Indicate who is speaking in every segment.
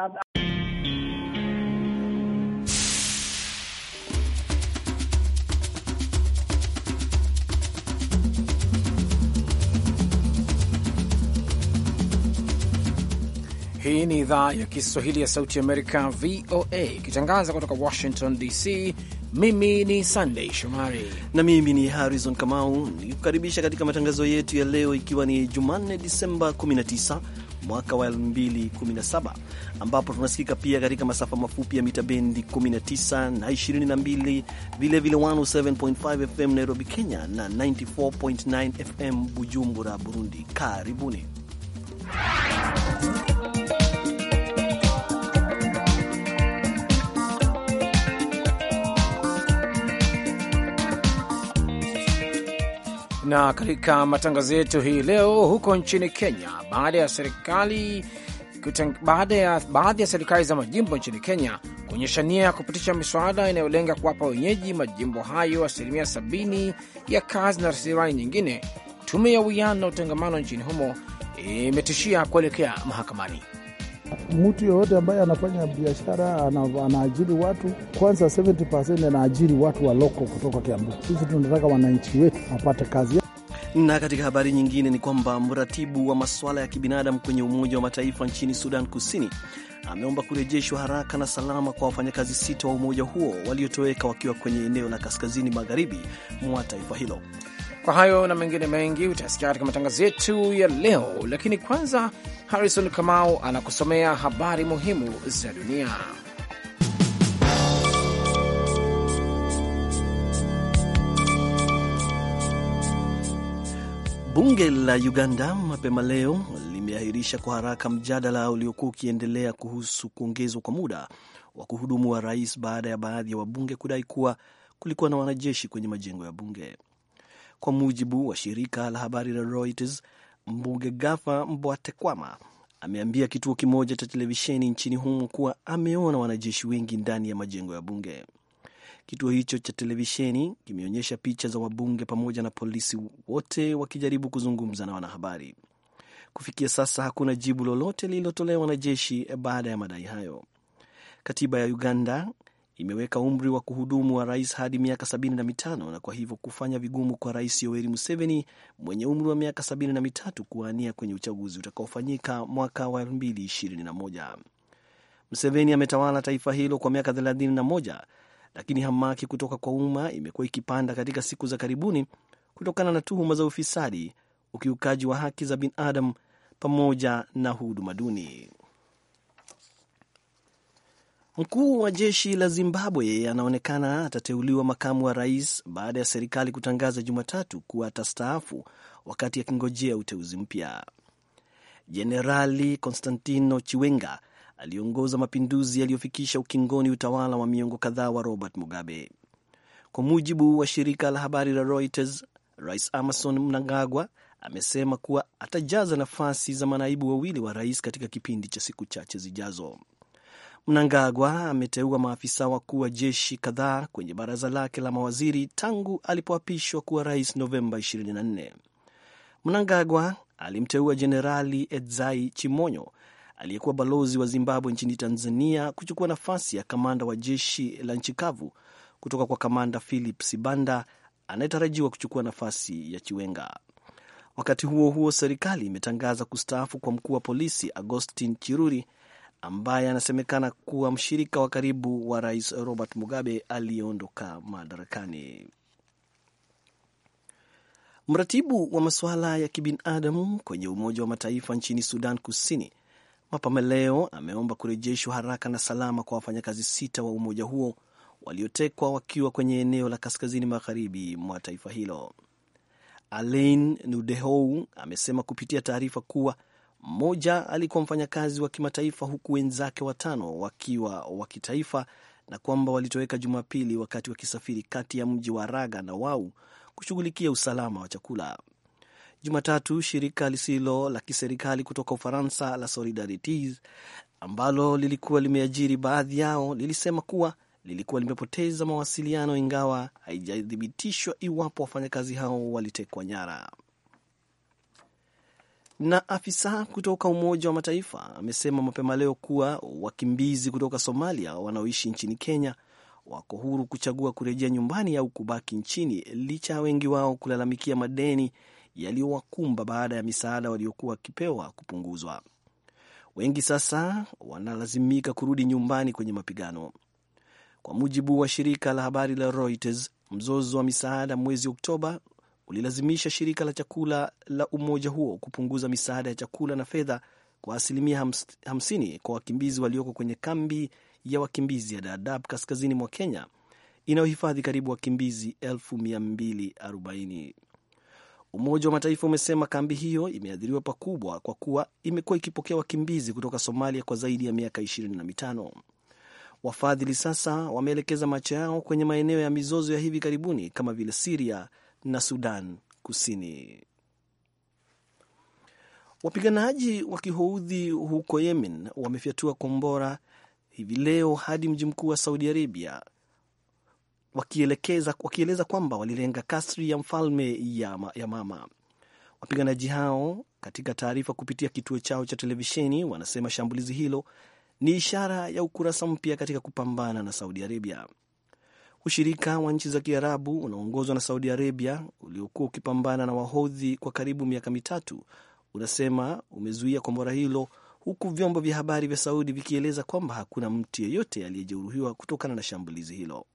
Speaker 1: Hii
Speaker 2: ni idhaa ya Kiswahili ya Sauti Amerika, VOA, ikitangaza kutoka Washington DC. Mimi ni
Speaker 3: Sandey Shomari na mimi ni Harrison Kamau, nikukaribisha katika matangazo yetu ya leo, ikiwa ni Jumanne Disemba 19 mwaka wa 2017 ambapo tunasikika pia katika masafa mafupi ya mita bendi 19 na 22, vilevile 107.5 FM Nairobi, Kenya na 94.9 FM Bujumbura, Burundi. Karibuni.
Speaker 2: na katika matangazo yetu hii leo, huko nchini Kenya, baada ya serikali baada ya baadhi ya serikali za majimbo nchini Kenya kuonyesha nia ya kupitisha miswada inayolenga kuwapa wenyeji majimbo hayo asilimia 70 ya kazi na rasilimali nyingine, tume ya uwiano na utangamano nchini humo imetishia kuelekea mahakamani.
Speaker 4: Mtu yoyote ambaye anafanya biashara anaajiri watu kwanza, 70% anaajiri watu wa loko kutoka Kiambu. Sisi tunataka wananchi wetu wapate kazi.
Speaker 3: Na katika habari nyingine ni kwamba mratibu wa masuala ya kibinadamu kwenye Umoja wa Mataifa nchini Sudan Kusini ameomba kurejeshwa haraka na salama kwa wafanyakazi sita wa umoja huo waliotoweka wakiwa kwenye eneo la kaskazini magharibi mwa taifa hilo. Kwa hayo na mengine mengi utasikia katika matangazo
Speaker 2: yetu ya leo, lakini kwanza, Harrison Kamau anakusomea habari muhimu za dunia.
Speaker 3: Bunge la Uganda mapema leo limeahirisha kwa haraka mjadala uliokuwa ukiendelea kuhusu kuongezwa kwa muda wa kuhudumu wa rais baada ya baadhi ya wabunge kudai kuwa kulikuwa na wanajeshi kwenye majengo ya bunge kwa mujibu wa shirika la habari la Reuters. Mbunge Gafa Mbwatekwama ameambia kituo kimoja cha televisheni nchini humo kuwa ameona wanajeshi wengi ndani ya majengo ya bunge. Kituo hicho cha televisheni kimeonyesha picha za wabunge pamoja na polisi wote wakijaribu kuzungumza na wanahabari. Kufikia sasa hakuna jibu lililotolewa na jeshi baada ya madai hayo. Katiba ya Uganda imeweka umri wa kuhudumu wa rais hadi miaka 75 na kwa hivyo kufanya vigumu kwa rais Yoweri Museveni mwenye umri wa miaka mitatu kuwania kwenye uchaguzi utakaofanyika mwaka wa moja. Museveni ametawala taifa hilo kwa miaka 31, lakini hamaki kutoka kwa umma imekuwa ikipanda katika siku za karibuni kutokana na tuhuma za ufisadi, ukiukaji wa haki za binadamu pamoja na huduma duni. Mkuu wa jeshi la Zimbabwe anaonekana atateuliwa makamu wa rais baada ya serikali kutangaza Jumatatu kuwa atastaafu wakati akingojea uteuzi mpya. Jenerali Constantino Chiwenga aliongoza mapinduzi yaliyofikisha ukingoni utawala wa miongo kadhaa wa Robert Mugabe. Kwa mujibu wa shirika la habari la Reuters, Rais Emmerson Mnangagwa amesema kuwa atajaza nafasi za manaibu wawili wa rais katika kipindi cha siku chache zijazo. Mnangagwa ameteua maafisa wakuu wa jeshi kadhaa kwenye baraza lake la mawaziri tangu alipoapishwa kuwa rais Novemba 24. Mnangagwa alimteua Jenerali Edzai Chimonyo aliyekuwa balozi wa Zimbabwe nchini Tanzania kuchukua nafasi ya kamanda wa jeshi la nchi kavu kutoka kwa kamanda Philip Sibanda anayetarajiwa kuchukua nafasi ya Chiwenga. Wakati huo huo, serikali imetangaza kustaafu kwa mkuu wa polisi agostin Chiruri ambaye anasemekana kuwa mshirika wa karibu wa rais Robert Mugabe aliyeondoka madarakani. Mratibu wa masuala ya kibinadamu kwenye Umoja wa Mataifa nchini Sudan Kusini mapema leo ameomba kurejeshwa haraka na salama kwa wafanyakazi sita wa umoja huo waliotekwa wakiwa kwenye eneo la kaskazini magharibi mwa taifa hilo. Alain Nudehou amesema kupitia taarifa kuwa mmoja alikuwa mfanyakazi wa kimataifa huku wenzake watano wakiwa wa kitaifa, na kwamba walitoweka Jumapili wakati wakisafiri kati ya mji wa Raga na Wau kushughulikia usalama wa chakula. Jumatatu, shirika lisilo la kiserikali kutoka Ufaransa la Solidarities ambalo lilikuwa limeajiri baadhi yao lilisema kuwa lilikuwa limepoteza mawasiliano, ingawa haijathibitishwa iwapo wafanyakazi hao walitekwa nyara. Na afisa kutoka Umoja wa Mataifa amesema mapema leo kuwa wakimbizi kutoka Somalia wanaoishi nchini Kenya wako huru kuchagua kurejea nyumbani au kubaki nchini licha ya wengi wao kulalamikia madeni yaliyowakumba baada ya misaada waliokuwa wakipewa kupunguzwa. Wengi sasa wanalazimika kurudi nyumbani kwenye mapigano. Kwa mujibu wa shirika la habari la Reuters, mzozo wa misaada mwezi Oktoba ulilazimisha shirika la chakula la umoja huo kupunguza misaada ya chakula na fedha kwa asilimia 50 kwa wakimbizi walioko kwenye kambi ya wakimbizi ya Dadaab kaskazini mwa Kenya inayohifadhi karibu wakimbizi 24 Umoja wa Mataifa umesema kambi hiyo imeathiriwa pakubwa kwa kuwa imekuwa ikipokea wakimbizi kutoka Somalia kwa zaidi ya miaka 25. Wafadhili sasa wameelekeza macho yao kwenye maeneo ya mizozo ya hivi karibuni kama vile Siria na Sudan Kusini. Wapiganaji wa kihoudhi huko Yemen wamefyatua kombora hivi leo hadi mji mkuu wa Saudi Arabia wakielekeza, wakieleza kwamba walilenga kasri ya mfalme ya, ya mama. Wapiganaji hao katika taarifa kupitia kituo chao cha televisheni wanasema shambulizi hilo ni ishara ya ukurasa mpya katika kupambana na Saudi Arabia. Ushirika wa nchi za Kiarabu unaoongozwa na Saudi Arabia uliokuwa ukipambana na Wahodhi kwa karibu miaka mitatu unasema umezuia kombora hilo, huku vyombo vya habari vya Saudi vikieleza kwamba hakuna mtu yeyote aliyejeruhiwa kutokana na shambulizi hilo.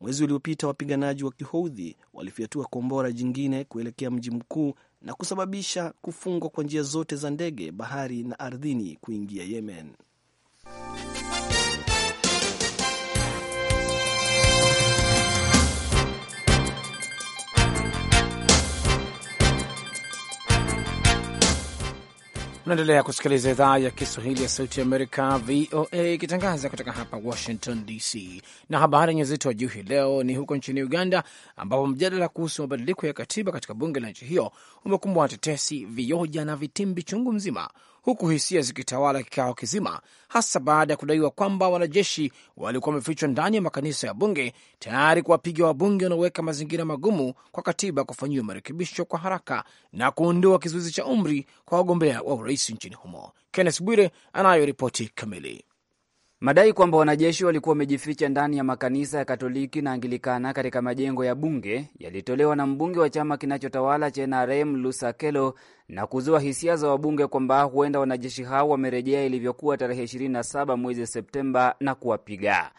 Speaker 3: Mwezi uliopita wapiganaji wa Kihoudhi walifyatua kombora jingine kuelekea mji mkuu na kusababisha kufungwa kwa njia zote za ndege, bahari na ardhini kuingia Yemen.
Speaker 2: Unaendelea kusikiliza idhaa ya Kiswahili ya Sauti Amerika, VOA, ikitangaza kutoka hapa Washington DC. Na habari yenye uzito wa juu hii leo ni huko nchini Uganda, ambapo mjadala kuhusu mabadiliko ya katiba katika bunge la nchi hiyo umekumbwa na tetesi, vioja na vitimbi chungu mzima, huku hisia zikitawala kikao kizima, hasa baada ya kudaiwa kwamba wanajeshi walikuwa wamefichwa ndani ya makanisa ya bunge tayari kuwapiga wabunge wanaoweka mazingira magumu kwa katiba kufanyiwa marekebisho kwa haraka na kuondoa kizuizi cha umri kwa wagombea wa urais nchini humo. Kenneth Bwire anayo ripoti kamili.
Speaker 5: Madai kwamba wanajeshi walikuwa wamejificha ndani ya makanisa ya Katoliki na Anglikana katika majengo ya bunge yalitolewa na mbunge wa chama kinachotawala cha NRM Lusakelo na kuzua hisia za wabunge kwamba huenda wanajeshi hao wamerejea ilivyokuwa tarehe 27 mwezi Septemba na kuwapiga.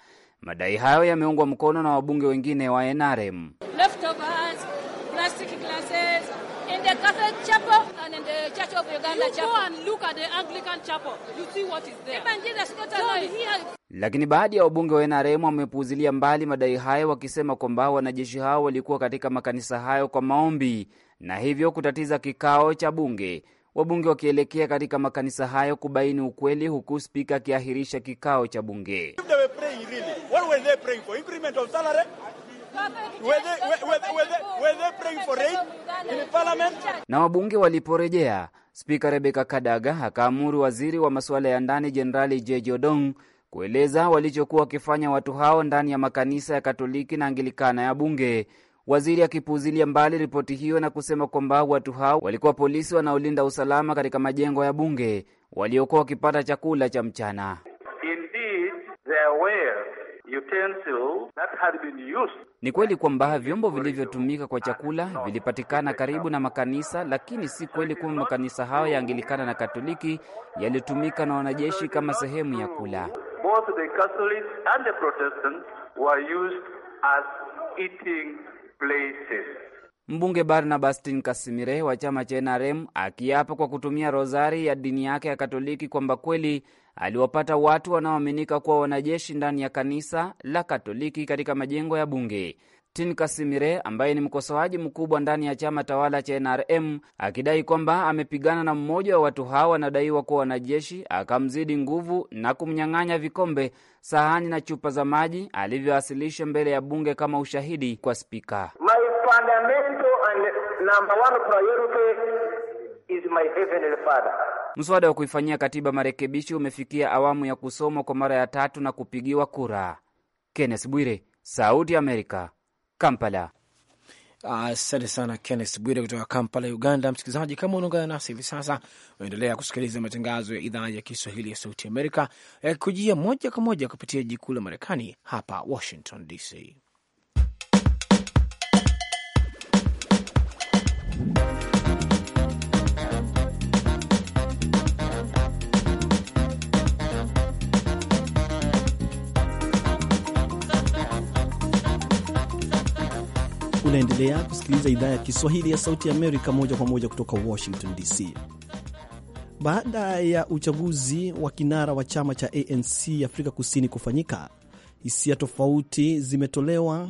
Speaker 5: Madai hayo yameungwa mkono na wabunge wengine wa NRM.
Speaker 6: Uganda you Go and look at the Anglican Chapel. You see what is there. Even Jesus got here.
Speaker 5: Lakini baadhi ya wabunge wa NRM wamepuuzilia mbali madai hayo wakisema kwamba wanajeshi hao walikuwa katika makanisa hayo kwa maombi na hivyo kutatiza kikao cha bunge. Wabunge wakielekea katika makanisa hayo kubaini ukweli, huku spika akiahirisha kikao cha bunge. Na wabunge waliporejea Spika Rebeka Kadaga akaamuru waziri wa masuala ya ndani Jenerali Jeje Odong kueleza walichokuwa wakifanya watu hao ndani ya makanisa ya Katoliki na Angilikana ya bunge, waziri akipuuzilia mbali ripoti hiyo na kusema kwamba watu hao walikuwa polisi wanaolinda usalama katika majengo ya bunge waliokuwa wakipata chakula cha mchana.
Speaker 4: Indeed,
Speaker 5: ni kweli kwamba vyombo vilivyotumika kwa chakula vilipatikana karibu na makanisa, lakini si kweli kwamba makanisa hayo ya Anglikana na Katoliki yalitumika na wanajeshi kama sehemu ya kula.
Speaker 4: Both the Catholics and the Protestants were used as eating places.
Speaker 5: Mbunge Barnabastin Kasimire wa chama cha NRM akiapa kwa kutumia rozari ya dini yake ya Katoliki kwamba kweli aliwapata watu wanaoaminika kuwa wanajeshi ndani ya kanisa la Katoliki katika majengo ya bunge. Tin Kasimire ambaye ni mkosoaji mkubwa ndani ya chama tawala cha NRM akidai kwamba amepigana na mmoja wa watu hao wanadaiwa kuwa wanajeshi, akamzidi nguvu na kumnyang'anya vikombe, sahani na chupa za maji alivyowasilisha mbele ya bunge kama ushahidi kwa spika. My Mswada wa kuifanyia katiba marekebisho umefikia awamu ya kusomwa kwa mara ya tatu na kupigiwa kura. Kenneth Bwire, Sauti ya Amerika, Kampala.
Speaker 2: Asante uh, sana Kenneth Bwire kutoka Kampala, Uganda. Msikilizaji, kama unaungana nasi hivi sasa, unaendelea kusikiliza matangazo ya idhaa ya Kiswahili ya Sauti Amerika yakikujia eh, moja kwa moja kupitia jiji kuu la Marekani, hapa Washington DC.
Speaker 3: Unaendelea kusikiliza idhaa ya Kiswahili ya Sauti Amerika moja kwa moja kutoka Washington DC. Baada ya uchaguzi wa kinara wa chama cha ANC Afrika Kusini kufanyika, hisia tofauti zimetolewa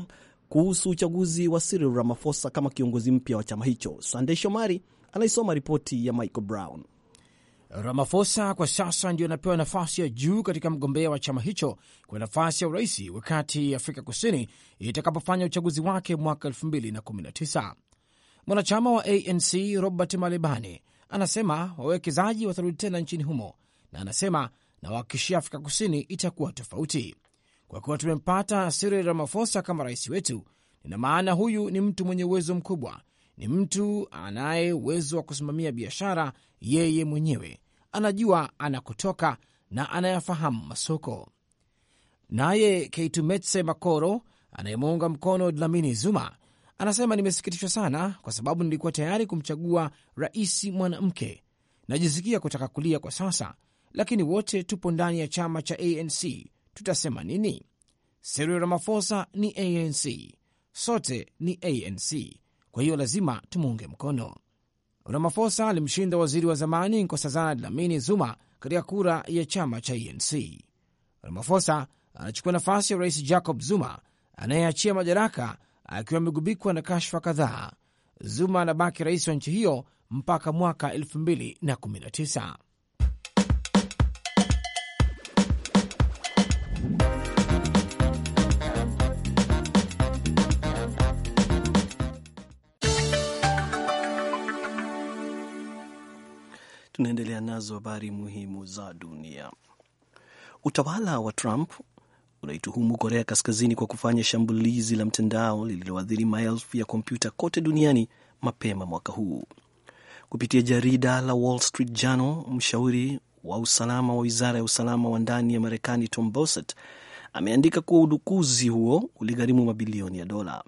Speaker 3: kuhusu uchaguzi wa Cyril Ramaphosa kama kiongozi mpya wa chama hicho. Sandey Shomari anaisoma ripoti ya Michael Brown
Speaker 2: ramafosa kwa sasa ndio anapewa nafasi ya juu katika mgombea wa chama hicho kwa nafasi ya urais wakati Afrika Kusini itakapofanya uchaguzi wake mwaka 2019. Mwanachama wa ANC Robert Malebane anasema wawekezaji watarudi tena nchini humo, na anasema nawahakikishia Afrika Kusini itakuwa tofauti. Kwa kuwa tumempata Cyril ramafosa kama rais wetu, nina maana huyu ni mtu mwenye uwezo mkubwa, ni mtu anaye uwezo wa kusimamia biashara yeye mwenyewe anajua anakotoka na anayafahamu masoko. Naye Keitumetse Makoro anayemuunga mkono Dlamini Zuma anasema, nimesikitishwa sana kwa sababu nilikuwa tayari kumchagua rais mwanamke. Najisikia kutaka kulia kwa sasa, lakini wote tupo ndani ya chama cha ANC, tutasema nini? Cyril Ramaphosa ni ANC, sote ni ANC, kwa hiyo lazima tumuunge mkono ramafosa alimshinda waziri wa zamani Nkosazana Dlamini Zuma katika kura ya chama cha ANC. E ramafosa anachukua nafasi ya rais Jacob Zuma anayeachia madaraka akiwa amegubikwa na kashfa kadhaa. Zuma anabaki rais wa nchi hiyo mpaka mwaka 2019.
Speaker 3: Tunaendelea nazo habari muhimu za dunia. Utawala wa Trump unaituhumu Korea Kaskazini kwa kufanya shambulizi la mtandao lililoathiri maelfu ya kompyuta kote duniani mapema mwaka huu. Kupitia jarida la Wall Street Journal, mshauri wa usalama wa wizara ya usalama wa ndani ya Marekani Tom Boset ameandika kuwa udukuzi huo uligharimu mabilioni ya dola.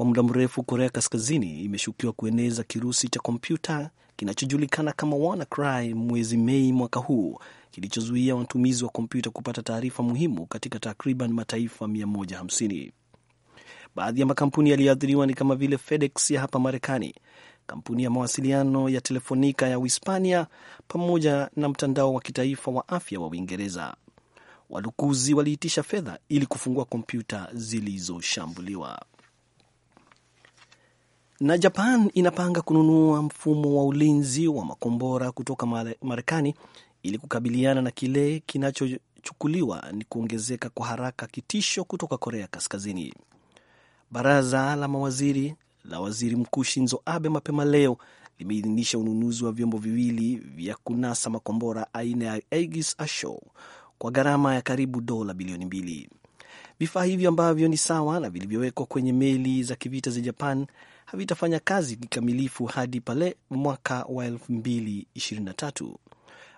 Speaker 3: Kwa muda mrefu, Korea Kaskazini imeshukiwa kueneza kirusi cha kompyuta kinachojulikana kama WannaCry mwezi Mei mwaka huu, kilichozuia watumizi wa kompyuta kupata taarifa muhimu katika takriban mataifa 150. Baadhi ya makampuni yaliyoathiriwa ni kama vile FedEx ya hapa Marekani, kampuni ya mawasiliano ya Telefonica ya Uhispania, pamoja na mtandao wa kitaifa wa afya wa Uingereza. Wadukuzi waliitisha fedha ili kufungua kompyuta zilizoshambuliwa. Na Japan inapanga kununua mfumo wa ulinzi wa makombora kutoka Marekani ili kukabiliana na kile kinachochukuliwa ni kuongezeka kwa haraka kitisho kutoka Korea Kaskazini. Baraza la mawaziri la waziri mkuu Shinzo Abe mapema leo limeidhinisha ununuzi wa vyombo viwili vya kunasa makombora aina ya Aegis Ashore kwa gharama ya karibu dola bilioni mbili. Vifaa hivyo ambavyo ni sawa na vilivyowekwa kwenye meli za kivita za Japan havitafanya kazi kikamilifu hadi pale mwaka wa 2023.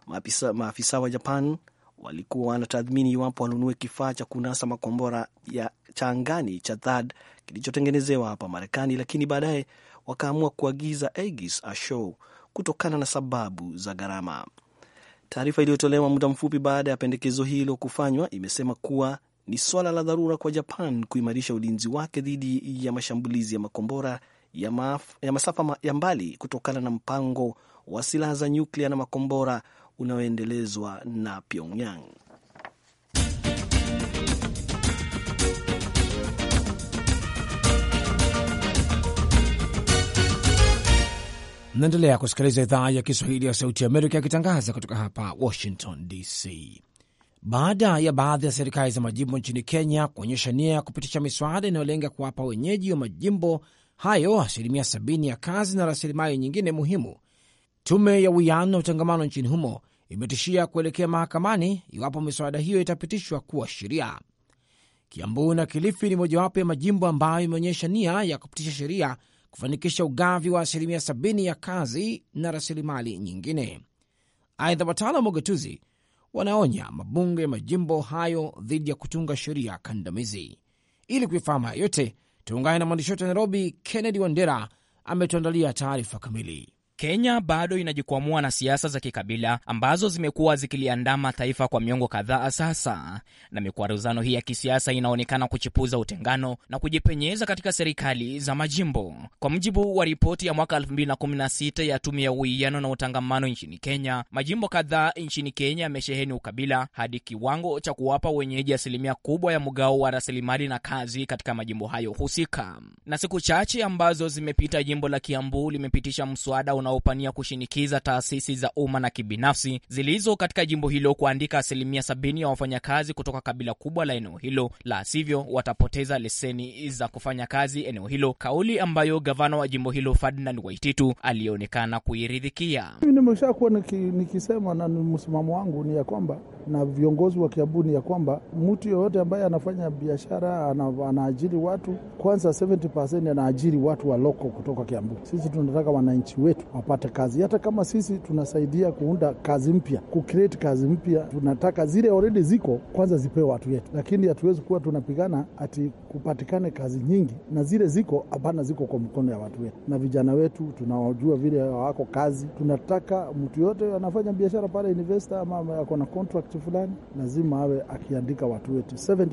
Speaker 3: Maafisa, maafisa wa Japan walikuwa wanatathmini iwapo wanunue kifaa cha kunasa makombora ya cha angani cha THAAD kilichotengenezewa hapa Marekani, lakini baadaye wakaamua kuagiza Aegis Ashore kutokana na sababu za gharama. Taarifa iliyotolewa muda mfupi baada ya pendekezo hilo kufanywa imesema kuwa ni swala la dharura kwa Japan kuimarisha ulinzi wake dhidi ya mashambulizi ya makombora ya, maaf, ya masafa ya mbali kutokana na mpango wa silaha za nyuklia na makombora unaoendelezwa na Pyongyang.
Speaker 2: naendelea kusikiliza idhaa ya Kiswahili ya Sauti ya Amerika ikitangaza kutoka hapa Washington DC. Baada ya baadhi ya serikali za majimbo nchini Kenya kuonyesha nia ya kupitisha miswada inayolenga kuwapa wenyeji wa majimbo hayo, asilimia sabini ya kazi na rasilimali nyingine muhimu. Tume ya Uwiano na Utangamano nchini humo imetishia kuelekea mahakamani iwapo miswada hiyo itapitishwa kuwa sheria. Kiambu na Kilifi ni mojawapo ya majimbo ambayo imeonyesha nia ya kupitisha sheria kufanikisha ugavi wa asilimia sabini ya kazi na rasilimali nyingine. Aidha, wataalam wa ugatuzi wanaonya mabunge ya majimbo hayo dhidi ya kutunga sheria kandamizi. Ili kuifahamu haya yote, Tuungane na mwandishi wetu wa Nairobi, Kennedy Wandera ametuandalia taarifa kamili.
Speaker 1: Kenya bado inajikwamua na siasa za kikabila ambazo zimekuwa zikiliandama taifa kwa miongo kadhaa sasa, na mikwaruzano hii ya kisiasa inaonekana kuchipuza utengano na kujipenyeza katika serikali za majimbo. Kwa mujibu wa ripoti ya mwaka 2016 ya tume ya uwiano na utangamano nchini Kenya, majimbo kadhaa nchini Kenya yamesheheni ukabila hadi kiwango cha kuwapa wenyeji asilimia kubwa ya mgao wa rasilimali na kazi katika majimbo hayo husika. Na siku chache ambazo zimepita, jimbo la Kiambu limepitisha mswada una wanaopania kushinikiza taasisi za umma na kibinafsi zilizo katika jimbo hilo kuandika asilimia sabini ya wafanyakazi kutoka kabila kubwa la eneo hilo, la sivyo watapoteza leseni za kufanya kazi eneo hilo, kauli ambayo gavana wa jimbo hilo Ferdinand Waititu alionekana kuiridhikia.
Speaker 4: Mimi nimeshakuwa niki, nikisema na msimamo wangu ni ya kwamba na viongozi wa Kiambu ni ya kwamba mtu yoyote ambaye anafanya biashara anaajiri watu kwanza, 70% anaajiri watu wa loko kutoka Kiambu. Sisi tunataka wananchi wetu wapate kazi. Hata kama sisi tunasaidia kuunda kazi mpya, kucreate kazi mpya, tunataka zile already ziko kwanza zipewe watu yetu, lakini hatuwezi kuwa tunapigana ati kupatikane kazi nyingi na zile ziko hapana, ziko kwa mkono ya watu wetu. Na vijana wetu tunawajua vile wako kazi, tunataka mtu yote anafanya biashara pale investor ama ako na contract fulani, lazima awe akiandika watu wetu 70%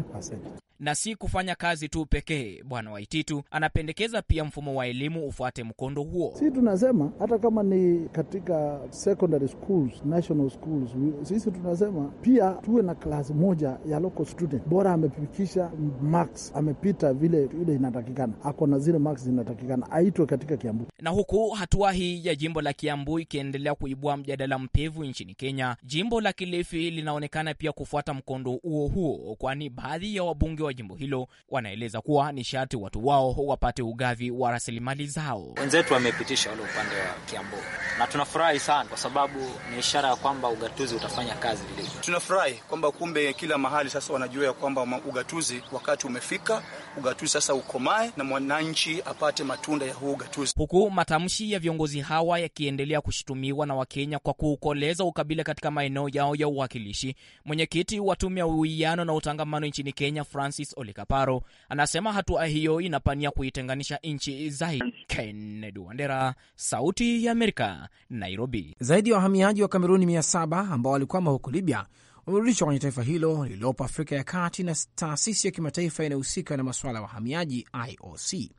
Speaker 1: na si kufanya kazi tu pekee. Bwana Waititu anapendekeza pia mfumo wa elimu ufuate mkondo huo.
Speaker 4: Si tunasema hata kama ni katika secondary schools, national schools, sisi tunasema pia tuwe na klasi moja ya local student, bora amepikisha max, amepita vile ile inatakikana, ako na zile max zinatakikana, aitwe katika Kiambu.
Speaker 1: Na huku hatua hii ya jimbo la Kiambu ikiendelea kuibua mjadala mpevu nchini Kenya, jimbo la Kilifi linaonekana pia kufuata mkondo huo huo, kwani baadhi ya wabunge wa wa jimbo hilo wanaeleza kuwa ni sharti watu wao wapate ugavi wa rasilimali zao. Wenzetu wamepitisha ule upande wa Kiambu na tunafurahi sana, kwa sababu ni ishara ya kwamba ugatuzi utafanya kazi vilivyo. Tunafurahi kwamba kumbe kila
Speaker 4: mahali sasa wanajua ya kwamba ugatuzi wakati umefika ugatuzi sasa ukomae na mwananchi apate matunda ya huu
Speaker 1: ugatuzi, huku matamshi ya viongozi hawa yakiendelea kushutumiwa na Wakenya kwa kuukoleza ukabila katika maeneo yao ya uwakilishi. Mwenyekiti wa tume ya uwiano na utangamano nchini Kenya, Francis Olikaparo, anasema hatua hiyo inapania kuitenganisha nchi zaidi. Kennedy Wandera, Sauti ya Amerika, Nairobi.
Speaker 2: Zaidi ya wahamiaji wa Kameruni 700 ambao walikwama huko Libya umerudishwa kwenye taifa hilo lililopo Afrika ya Kati na taasisi ya kimataifa inayohusika na masuala ya wahamiaji IOC.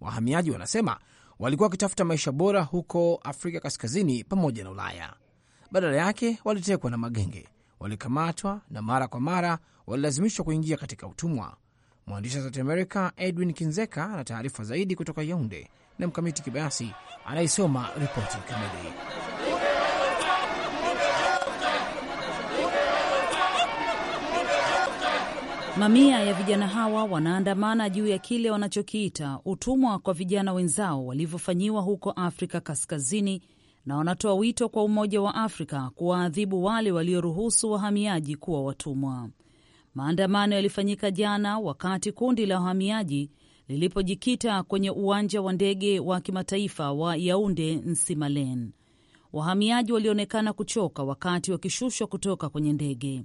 Speaker 2: Wahamiaji wanasema walikuwa wakitafuta maisha bora huko Afrika Kaskazini pamoja na Ulaya. Badala yake walitekwa na magenge, walikamatwa na mara kwa mara walilazimishwa kuingia katika utumwa. Mwandishi wa Sauti america Edwin Kinzeka ana taarifa zaidi kutoka Yaunde na Mkamiti Kibayasi anayesoma ripoti kamili.
Speaker 6: Mamia ya vijana hawa wanaandamana juu ya kile wanachokiita utumwa kwa vijana wenzao walivyofanyiwa huko Afrika Kaskazini, na wanatoa wito kwa Umoja wa Afrika kuwaadhibu wale walioruhusu wahamiaji kuwa watumwa. Maandamano yalifanyika jana wakati kundi la wahamiaji lilipojikita kwenye uwanja wa ndege wa kimataifa wa Yaunde Nsimalen. Wahamiaji walionekana kuchoka wakati wakishushwa kutoka kwenye ndege.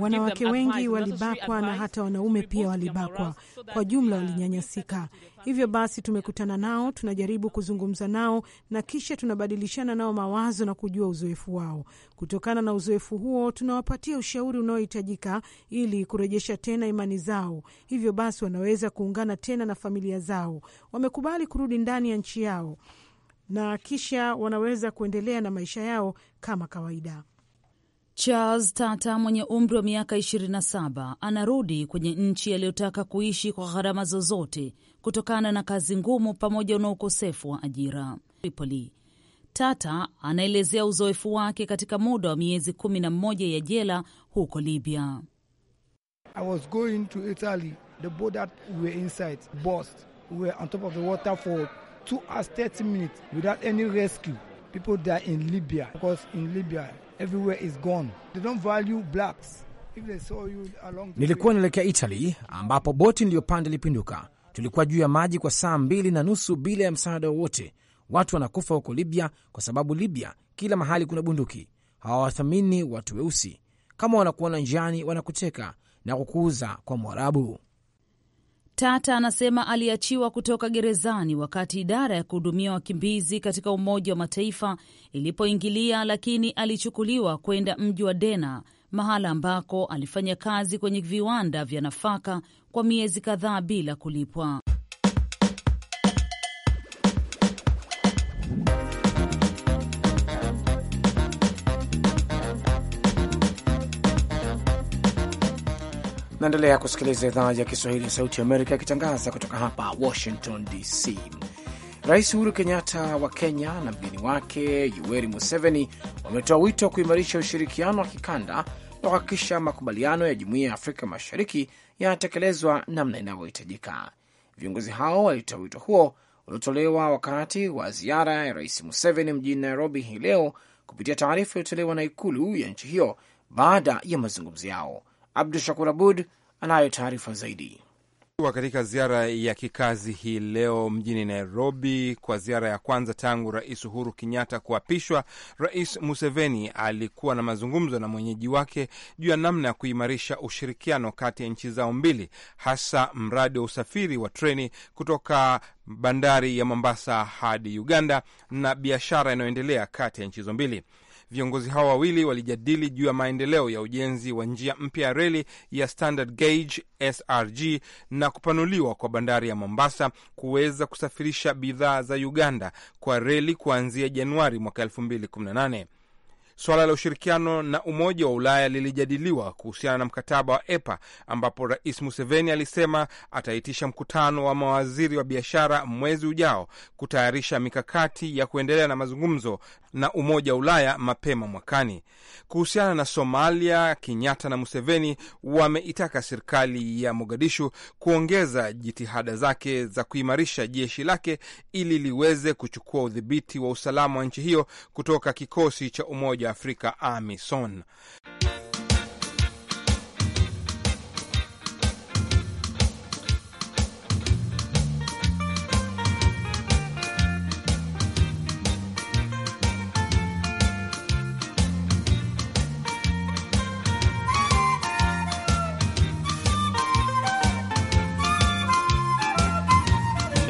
Speaker 1: Wanawake wengi walibakwa na hata
Speaker 7: wanaume pia walibakwa. Kwa jumla walinyanyasika. Hivyo basi, tumekutana nao, tunajaribu kuzungumza nao na kisha tunabadilishana nao mawazo na kujua uzoefu wao. Kutokana na uzoefu huo, tunawapatia ushauri unaohitajika ili kurejesha tena imani zao. Hivyo basi, wanaweza kuungana tena na familia zao. Wamekubali kurudi ndani ya nchi
Speaker 6: yao na kisha wanaweza kuendelea na maisha yao kama kawaida. Charles Tata mwenye umri wa miaka 27 anarudi kwenye nchi aliyotaka kuishi kwa gharama zozote kutokana na kazi ngumu pamoja na ukosefu wa ajira. Tripoli. Tata anaelezea uzoefu wake katika muda wa miezi kumi na mmoja ya jela huko Libya.
Speaker 8: I was going to Italy. The boat that we were inside burst. We were on top of the water for two hours, 30 minutes without any rescue. People in Libya because in Libya everywhere is gone. They don't value blacks. If they saw you along the...
Speaker 2: Nilikuwa naelekea Italy ambapo boti niliyopanda ilipinduka. Tulikuwa juu ya maji kwa saa mbili na nusu bila ya msaada wowote. Watu wanakufa huko Libya kwa sababu Libya kila mahali kuna bunduki. Hawawathamini watu weusi, kama wanakuona njiani wanakuteka na kukuuza kwa Mwarabu.
Speaker 6: Tata anasema aliachiwa kutoka gerezani wakati idara ya kuhudumia wakimbizi katika Umoja wa Mataifa ilipoingilia, lakini alichukuliwa kwenda mji wa Dena, mahala ambako alifanya kazi kwenye viwanda vya nafaka kwa miezi kadhaa bila kulipwa.
Speaker 2: Naendelea kusikiliza idhaa ya Kiswahili ya Sauti Amerika ikitangaza kutoka hapa Washington DC. Rais Uhuru Kenyatta wa Kenya na mgeni wake Yoweri Museveni wametoa wito wa kuimarisha ushirikiano wa kikanda na kuhakikisha makubaliano ya Jumuiya ya Afrika Mashariki yanatekelezwa namna inavyohitajika Viongozi hao walitoa wito huo uliotolewa wakati wa ziara ya Rais Museveni mjini Nairobi hii leo kupitia taarifa iliyotolewa na ikulu ya nchi hiyo baada ya mazungumzo yao. Abdu Shakur Abud anayo taarifa
Speaker 8: zaidi. Katika ziara ya kikazi hii leo mjini Nairobi, kwa ziara ya kwanza tangu Rais Uhuru Kenyatta kuapishwa, Rais Museveni alikuwa na mazungumzo na mwenyeji wake juu ya namna ya kuimarisha ushirikiano kati ya nchi zao mbili, hasa mradi wa usafiri wa treni kutoka bandari ya Mombasa hadi Uganda na biashara inayoendelea kati ya nchi hizo mbili. Viongozi hao wawili walijadili juu ya maendeleo ya ujenzi wa njia mpya ya reli ya standard gauge SRG na kupanuliwa kwa bandari ya Mombasa kuweza kusafirisha bidhaa za Uganda kwa reli kuanzia Januari mwaka 2018. Suala la ushirikiano na Umoja wa Ulaya lilijadiliwa kuhusiana na mkataba wa EPA ambapo Rais Museveni alisema ataitisha mkutano wa mawaziri wa biashara mwezi ujao kutayarisha mikakati ya kuendelea na mazungumzo na Umoja wa Ulaya mapema mwakani. Kuhusiana na Somalia, Kenyatta na Museveni wameitaka serikali ya Mogadishu kuongeza jitihada zake za kuimarisha jeshi lake ili liweze kuchukua udhibiti wa usalama wa nchi hiyo kutoka kikosi cha Umoja wa Afrika AMISON.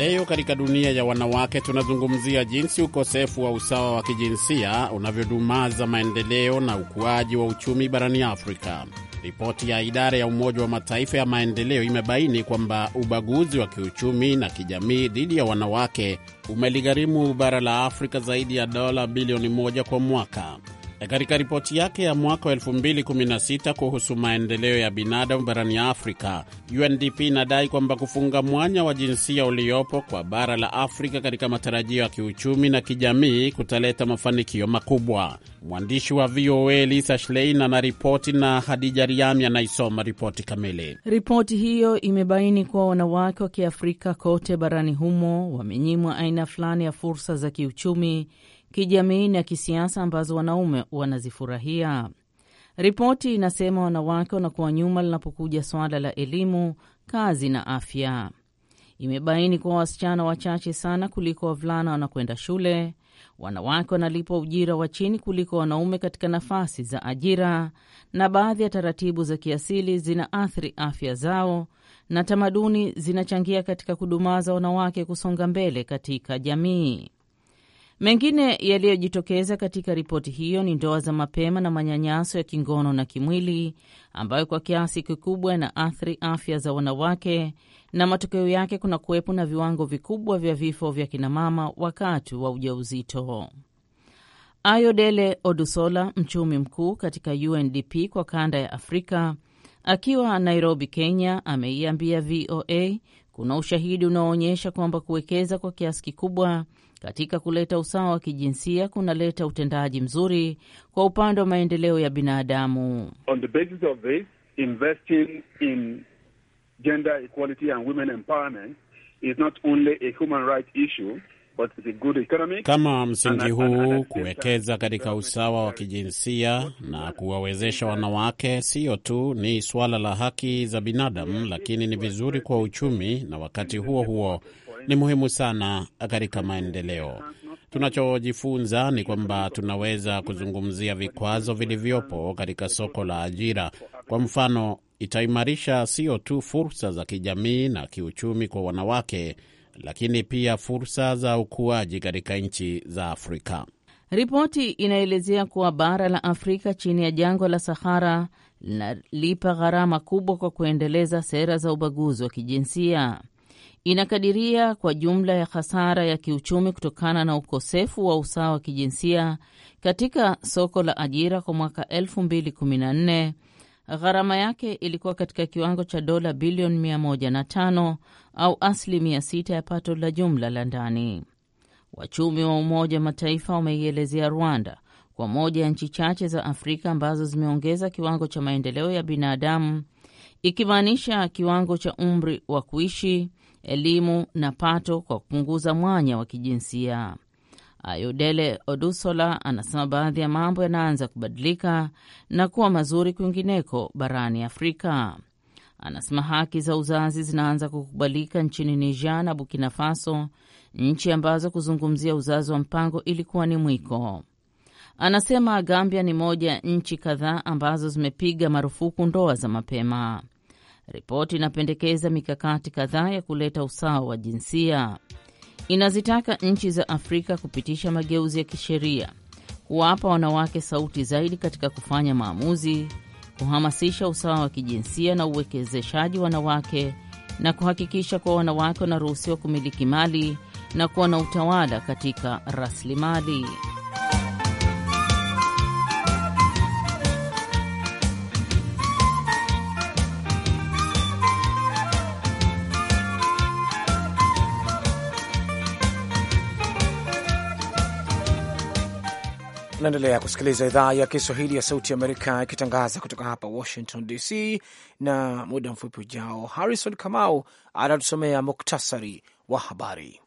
Speaker 9: Leo katika dunia ya wanawake tunazungumzia jinsi ukosefu wa usawa wa kijinsia unavyodumaza maendeleo na ukuaji wa uchumi barani Afrika. Ripoti ya idara ya Umoja wa Mataifa ya maendeleo imebaini kwamba ubaguzi wa kiuchumi na kijamii dhidi ya wanawake umeligharimu bara la Afrika zaidi ya dola bilioni moja kwa mwaka. E, katika ripoti yake ya mwaka wa 2016 kuhusu maendeleo ya binadamu barani Afrika, UNDP inadai kwamba kufunga mwanya wa jinsia uliopo kwa bara la Afrika katika matarajio ya kiuchumi na kijamii kutaleta mafanikio makubwa. Mwandishi wa VOA Lisa Schlein anaripoti na Hadija Riami anaisoma ripoti kamili.
Speaker 7: Ripoti hiyo imebaini kuwa wanawake wa Kiafrika kote barani humo wamenyimwa aina fulani ya fursa za kiuchumi kijamii na kisiasa ambazo wanaume wanazifurahia. Ripoti inasema wanawake wanakuwa nyuma linapokuja suala la elimu, kazi na afya. Imebaini kuwa wasichana wachache sana kuliko wavulana wanakwenda shule. Wanawake wanalipwa ujira wa chini kuliko wanaume katika nafasi za ajira, na baadhi ya taratibu za kiasili zinaathiri afya zao, na tamaduni zinachangia katika kudumaza wanawake kusonga mbele katika jamii. Mengine yaliyojitokeza katika ripoti hiyo ni ndoa za mapema na manyanyaso ya kingono na kimwili ambayo kwa kiasi kikubwa inaathiri afya za wanawake na matokeo yake kuna kuwepo na viwango vikubwa vya vifo vya kinamama wakati wa ujauzito. Ayodele Odusola, mchumi mkuu katika UNDP kwa kanda ya Afrika, akiwa Nairobi, Kenya, ameiambia VOA kuna ushahidi unaoonyesha kwamba kuwekeza kwa kiasi kikubwa katika kuleta usawa wa kijinsia kunaleta utendaji mzuri kwa upande wa maendeleo ya binadamu.
Speaker 4: On the basis of this, investing in gender equality and women empowerment is not only a human issue but is a good economic.
Speaker 9: Kama msingi huu kuwekeza katika usawa wa kijinsia na kuwawezesha wanawake siyo tu ni suala la haki za binadamu, lakini ni vizuri kwa uchumi na wakati huo huo ni muhimu sana katika maendeleo. Tunachojifunza ni kwamba tunaweza kuzungumzia vikwazo vilivyopo katika soko la ajira. Kwa mfano, itaimarisha sio tu fursa za kijamii na kiuchumi kwa wanawake, lakini pia fursa za ukuaji katika nchi za Afrika.
Speaker 7: Ripoti inaelezea kuwa bara la Afrika chini ya jangwa la Sahara linalipa gharama kubwa kwa kuendeleza sera za ubaguzi wa kijinsia inakadiria kwa jumla ya hasara ya kiuchumi kutokana na ukosefu wa usawa wa kijinsia katika soko la ajira kwa mwaka 2014 gharama yake ilikuwa katika kiwango cha dola bilioni 105 au asilimia 6 ya pato la jumla la ndani. Wachumi wa Umoja wa Mataifa wameielezea Rwanda kwa moja ya nchi chache za Afrika ambazo zimeongeza kiwango cha maendeleo ya binadamu, ikimaanisha kiwango cha umri wa kuishi elimu na pato kwa kupunguza mwanya wa kijinsia. Ayodele Odusola anasema baadhi ya mambo yanaanza kubadilika na kuwa mazuri kwingineko barani Afrika. Anasema haki za uzazi zinaanza kukubalika nchini Niger na Burkina Faso, nchi ambazo kuzungumzia uzazi wa mpango ilikuwa ni mwiko. Anasema Gambia ni moja ya nchi kadhaa ambazo zimepiga marufuku ndoa za mapema. Ripoti inapendekeza mikakati kadhaa ya kuleta usawa wa jinsia. Inazitaka nchi za Afrika kupitisha mageuzi ya kisheria, kuwapa wanawake sauti zaidi katika kufanya maamuzi, kuhamasisha usawa wa kijinsia na uwekezeshaji wanawake, na kuhakikisha kuwa wanawake wanaruhusiwa kumiliki mali na kuwa na utawala katika rasilimali.
Speaker 2: Tunaendelea kusikiliza idhaa ya Kiswahili ya Sauti Amerika ikitangaza kutoka hapa Washington DC, na muda mfupi ujao Harrison Kamau anatusomea muktasari wa habari.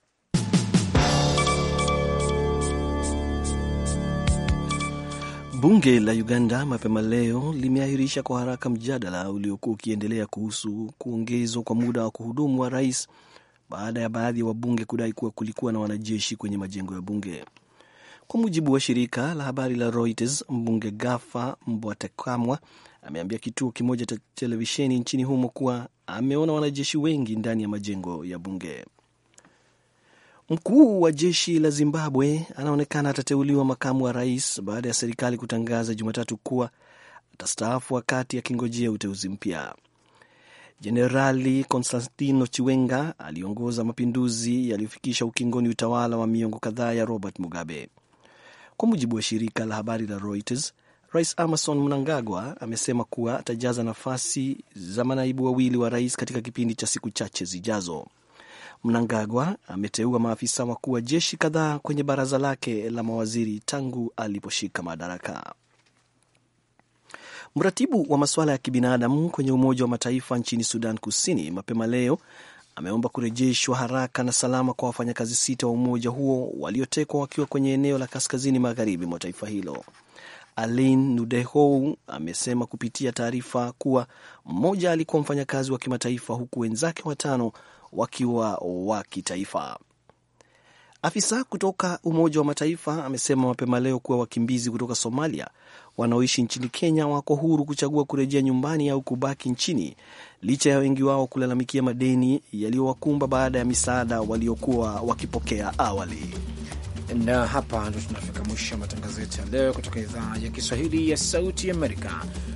Speaker 3: Bunge la Uganda mapema leo limeahirisha kwa haraka mjadala uliokuwa ukiendelea kuhusu kuongezwa kwa muda wa kuhudumu wa rais baada ya baadhi ya wabunge kudai kuwa kulikuwa na wanajeshi kwenye majengo ya bunge. Kwa mujibu wa shirika la habari la Reuters, mbunge Gafa mbwatekamwa ameambia kituo kimoja cha televisheni nchini humo kuwa ameona wanajeshi wengi ndani ya majengo ya bunge. Mkuu wa jeshi la Zimbabwe anaonekana atateuliwa makamu wa rais baada ya serikali kutangaza Jumatatu kuwa atastaafu wakati akingojea uteuzi mpya. Jenerali Constantino Chiwenga aliongoza mapinduzi yaliyofikisha ukingoni utawala wa miongo kadhaa ya Robert Mugabe. Kwa mujibu wa shirika la habari la Reuters, Rais Emmerson Mnangagwa amesema kuwa atajaza nafasi za manaibu wawili wa rais katika kipindi cha siku chache zijazo. Mnangagwa ameteua maafisa wakuu wa jeshi kadhaa kwenye baraza lake la mawaziri tangu aliposhika madaraka. Mratibu wa masuala ya kibinadamu kwenye Umoja wa Mataifa nchini Sudan Kusini mapema leo ameomba kurejeshwa haraka na salama kwa wafanyakazi sita wa umoja huo waliotekwa wakiwa kwenye eneo la kaskazini magharibi mwa taifa hilo. alin Nudehou amesema kupitia taarifa kuwa mmoja alikuwa mfanyakazi wa kimataifa huku wenzake watano wakiwa wa kitaifa. Afisa kutoka Umoja wa Mataifa amesema mapema leo kuwa wakimbizi kutoka Somalia wanaoishi nchini Kenya wako huru kuchagua kurejea nyumbani au kubaki nchini licha ya wengi wao kulalamikia madeni yaliyowakumba baada ya misaada waliokuwa wakipokea awali. Na hapa ndo tunafika mwisho wa matangazo yetu ya leo kutoka idhaa ya Kiswahili ya Sauti
Speaker 2: Amerika.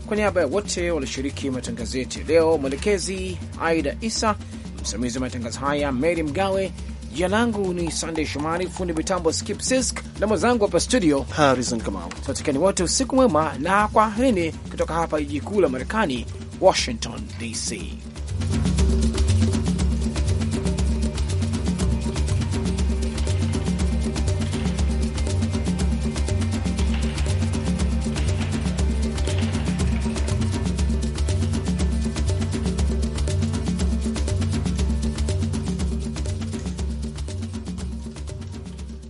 Speaker 2: Kwa niaba ya wote walioshiriki matangazo yetu ya leo, mwelekezi Aida Isa, msimamizi wa matangazo haya Mary Mgawe. Jina langu ni Sandey Shomari, fundi mitambo Skip Sisk na mwenzangu hapa studio Harrison Kamau. Tunatakieni wote usiku mwema na kwaherini, kutoka hapa jiji kuu la Marekani, Washington DC.